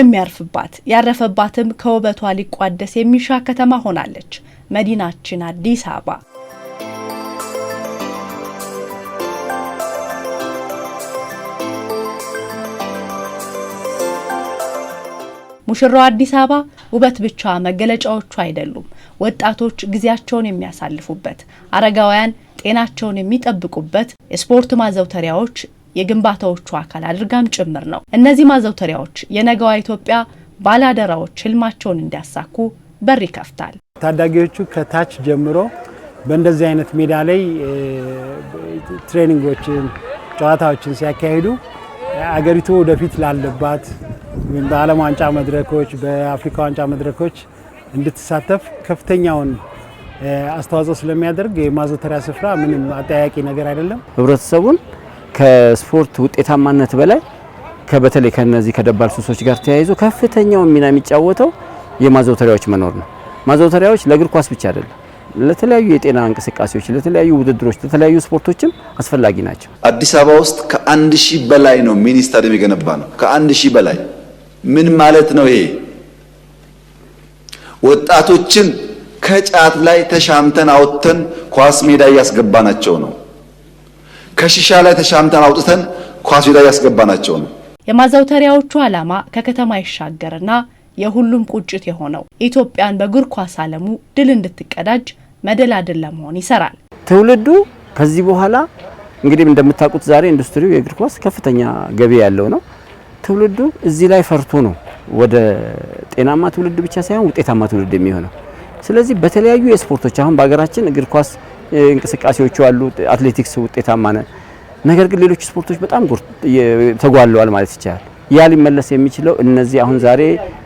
የሚያርፍባት ያረፈባትም ከውበቷ ሊቋደስ የሚሻ ከተማ ሆናለች መዲናችን አዲስ አበባ። ሙሽራው አዲስ አበባ ውበት ብቻ መገለጫዎቹ አይደሉም። ወጣቶች ጊዜያቸውን የሚያሳልፉበት፣ አረጋውያን ጤናቸውን የሚጠብቁበት፣ የስፖርት ማዘውተሪያዎች የግንባታዎቹ አካል አድርጋም ጭምር ነው። እነዚህ ማዘውተሪያዎች የነገዋ ኢትዮጵያ ባላደራዎች ህልማቸውን እንዲያሳኩ በር ይከፍታል። ታዳጊዎቹ ከታች ጀምሮ በእንደዚህ አይነት ሜዳ ላይ ትሬኒንጎችን፣ ጨዋታዎችን ሲያካሂዱ አገሪቱ ወደፊት ላለባት በዓለም ዋንጫ መድረኮች፣ በአፍሪካ ዋንጫ መድረኮች እንድትሳተፍ ከፍተኛውን አስተዋጽኦ ስለሚያደርግ የማዘውተሪያ ስፍራ ምንም አጠያቂ ነገር አይደለም። ህብረተሰቡን ከስፖርት ውጤታማነት በላይ በተለይ ከነዚህ ከደባል ሱሶች ጋር ተያይዞ ከፍተኛው ሚና የሚጫወተው የማዘውተሪያዎች መኖር ነው። ማዘውተሪያዎች ለእግር ኳስ ብቻ አይደለም፣ ለተለያዩ የጤና እንቅስቃሴዎች፣ ለተለያዩ ውድድሮች፣ ለተለያዩ ስፖርቶችም አስፈላጊ ናቸው። አዲስ አበባ ውስጥ ከአንድ ሺህ በላይ ነው ሚኒ ስታዲየም የገነባ ነው። ከአንድ ሺህ በላይ ምን ማለት ነው? ይሄ ወጣቶችን ከጫት ላይ ተሻምተን አውጥተን ኳስ ሜዳ እያስገባናቸው ነው። ከሺሻ ላይ ተሻምተን አውጥተን ኳሱ ላይ ያስገባናቸው ነው። የማዘውተሪያዎቹ ዓላማ ከከተማ ይሻገርና የሁሉም ቁጭት የሆነው ኢትዮጵያን በእግር ኳስ ዓለሙ ድል እንድትቀዳጅ መደላድል ለመሆን ይሰራል። ትውልዱ ከዚህ በኋላ እንግዲህ እንደምታውቁት ዛሬ ኢንዱስትሪው የእግር ኳስ ከፍተኛ ገቢ ያለው ነው። ትውልዱ እዚህ ላይ ፈርቶ ነው ወደ ጤናማ ትውልድ ብቻ ሳይሆን ውጤታማ ትውልድ የሚሆነው። ስለዚህ በተለያዩ የስፖርቶች አሁን በሀገራችን እግር ኳስ እንቅስቃሴዎቹ አሉ። አትሌቲክስ ውጤታማ ነን። ነገር ግን ሌሎች ስፖርቶች በጣም ተጓለዋል ማለት ይቻላል። ያ ሊመለስ የሚችለው እነዚህ አሁን ዛሬ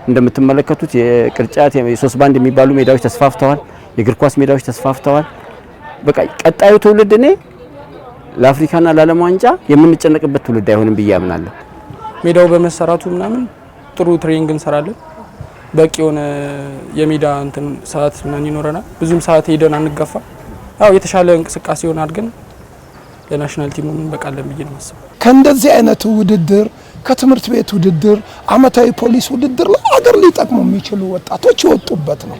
እንደምትመለከቱት የቅርጫት የሶስት ባንድ የሚባሉ ሜዳዎች ተስፋፍተዋል። የእግር ኳስ ሜዳዎች ተስፋፍተዋል። በቃ ቀጣዩ ትውልድ እኔ ለአፍሪካና ለዓለም ዋንጫ የምንጨነቅበት ትውልድ አይሆንም ብዬ አምናለሁ። ሜዳው በመሰራቱ ምናምን ጥሩ ትሬኒንግ እንሰራለን። በቂ የሆነ የሜዳ እንትን ሰዓት ምናምን ይኖረናል። ብዙም ሰዓት ሄደን አንጋፋ አው የተሻለ እንቅስቃሴ ይሆናል፣ ግን ለናሽናል ቲሙ እንበቃለን ብዬ ነው የማስበው። ከእንደዚህ አይነት ውድድር ከትምህርት ቤት ውድድር፣ አመታዊ ፖሊስ ውድድር ለሀገር ሊጠቅሙ የሚችሉ ወጣቶች የወጡበት ነው።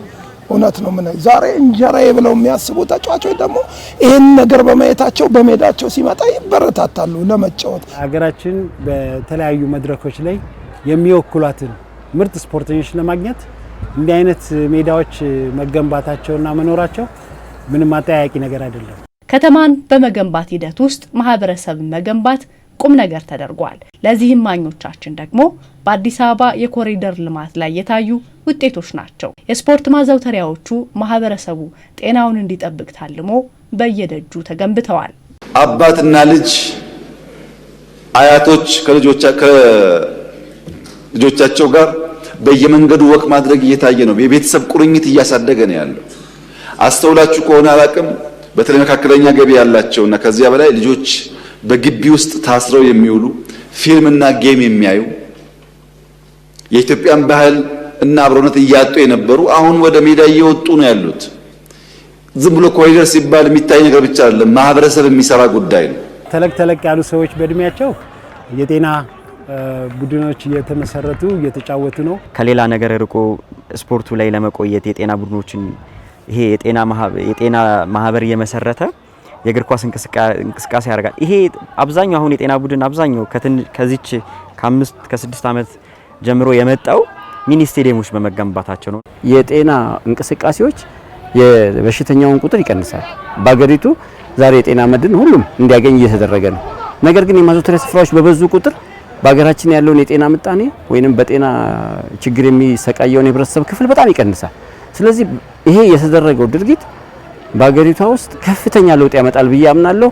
እውነት ነው። ምን ዛሬ እንጀራዬ ብለው የሚያስቡ ተጫዋቾች ደግሞ ይህን ነገር በማየታቸው በሜዳቸው ሲመጣ ይበረታታሉ ለመጫወት። ሀገራችን በተለያዩ መድረኮች ላይ የሚወክሏትን ምርጥ ስፖርተኞች ለማግኘት እንዲህ አይነት ሜዳዎች መገንባታቸውና መኖራቸው ምንም አጠያያቂ ነገር አይደለም። ከተማን በመገንባት ሂደት ውስጥ ማህበረሰብን መገንባት ቁም ነገር ተደርጓል። ለዚህም ማኞቻችን ደግሞ በአዲስ አበባ የኮሪደር ልማት ላይ የታዩ ውጤቶች ናቸው። የስፖርት ማዘውተሪያዎቹ ማህበረሰቡ ጤናውን እንዲጠብቅ ታልሞ በየደጁ ተገንብተዋል። አባትና ልጅ፣ አያቶች ከልጆቻቸው ጋር በየመንገዱ ወቅ ማድረግ እየታየ ነው። የቤተሰብ ቁርኝት እያሳደገ ነው ያለው። አስተውላችሁ ከሆነ አላቅም በተለይ መካከለኛ ገቢ ያላቸውና ከዚያ በላይ ልጆች በግቢ ውስጥ ታስረው የሚውሉ ፊልምና ጌም የሚያዩ የኢትዮጵያን ባህል እና አብሮነት እያጡ የነበሩ አሁን ወደ ሜዳ እየወጡ ነው ያሉት። ዝም ብሎ ኮሪደር ሲባል የሚታይ ነገር ብቻ አይደለም፣ ማህበረሰብ የሚሰራ ጉዳይ ነው። ተለቅ ተለቅ ያሉ ሰዎች በእድሜያቸው የጤና ቡድኖች እየተመሰረቱ እየተጫወቱ ነው። ከሌላ ነገር ርቆ ስፖርቱ ላይ ለመቆየት የጤና ቡድኖችን ይሄ የጤና ማህበር እየመሰረተ የእግር ኳስ እንቅስቃሴ ያደርጋል። ይሄ አብዛኛው አሁን የጤና ቡድን አብዛኛው ከዚች ከአምስት ከስድስት ዓመት ጀምሮ የመጣው ሚኒ ስቴዲየሞች በመገንባታቸው ነው። የጤና እንቅስቃሴዎች የበሽተኛውን ቁጥር ይቀንሳል። በሀገሪቱ ዛሬ የጤና መድን ሁሉም እንዲያገኝ እየተደረገ ነው። ነገር ግን የማዘውተሪያ ስፍራዎች በበዙ ቁጥር በሀገራችን ያለውን የጤና ምጣኔ ወይንም በጤና ችግር የሚሰቃየውን የህብረተሰብ ክፍል በጣም ይቀንሳል። ስለዚህ ይሄ የተደረገው ድርጊት በሀገሪቷ ውስጥ ከፍተኛ ለውጥ ያመጣል ብዬ አምናለሁ።